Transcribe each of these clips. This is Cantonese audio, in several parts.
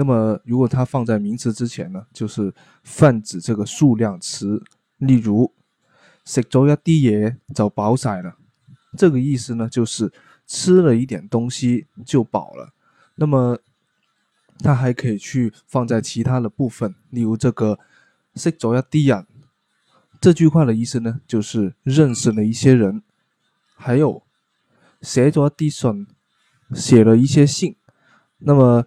那麼，如果它放在名詞之前呢，就是泛指這個數量詞。例如，食咗一啲嘢，就飽晒啦。這個意思呢，就是吃了一點東西就飽了。那麼，它還可以去放在其他的部分，例如這個識咗一啲人。這句話的意思呢，就是認識了一些人。還有寫咗一啲信，寫了一些信。那麼。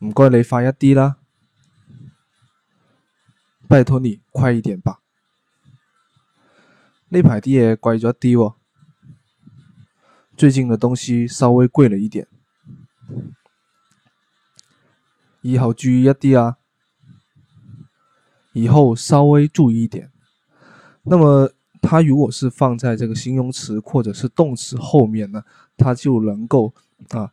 唔該，你快一啲啦。拜託你快一點吧。呢排啲嘢貴咗啲喎，最近嘅東西稍微貴了一點。以後注意一啲啊，以後稍微注意一點。那麼，它如果是放在這個形容詞或者是動詞後面呢，它就能夠啊。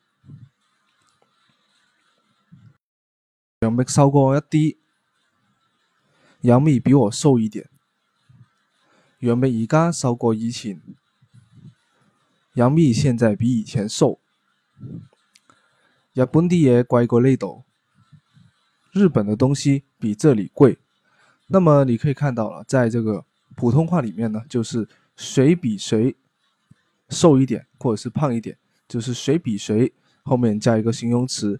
楊冪瘦過一啲，楊冪比我瘦一點。楊冪而家瘦過以前，楊冪現在比以前瘦。日本啲嘢貴過呢度，日本的東西比這裏貴。那麼你可以看到了，在這個普通話裏面呢，就是誰比誰瘦一點，或者是胖一點，就是誰比誰後面加一個形容詞。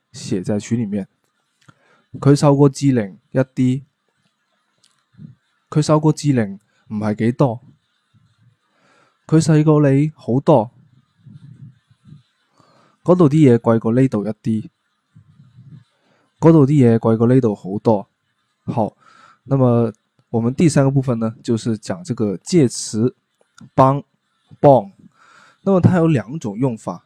寫在書裏面，佢瘦過志玲一啲，佢瘦過志玲唔係幾多，佢細過你好多，嗰度啲嘢貴過呢度一啲，嗰度啲嘢貴過呢度好多。好，那麼我們第三個部分呢，就是講這個介詞幫幫，那麼它有兩種用法。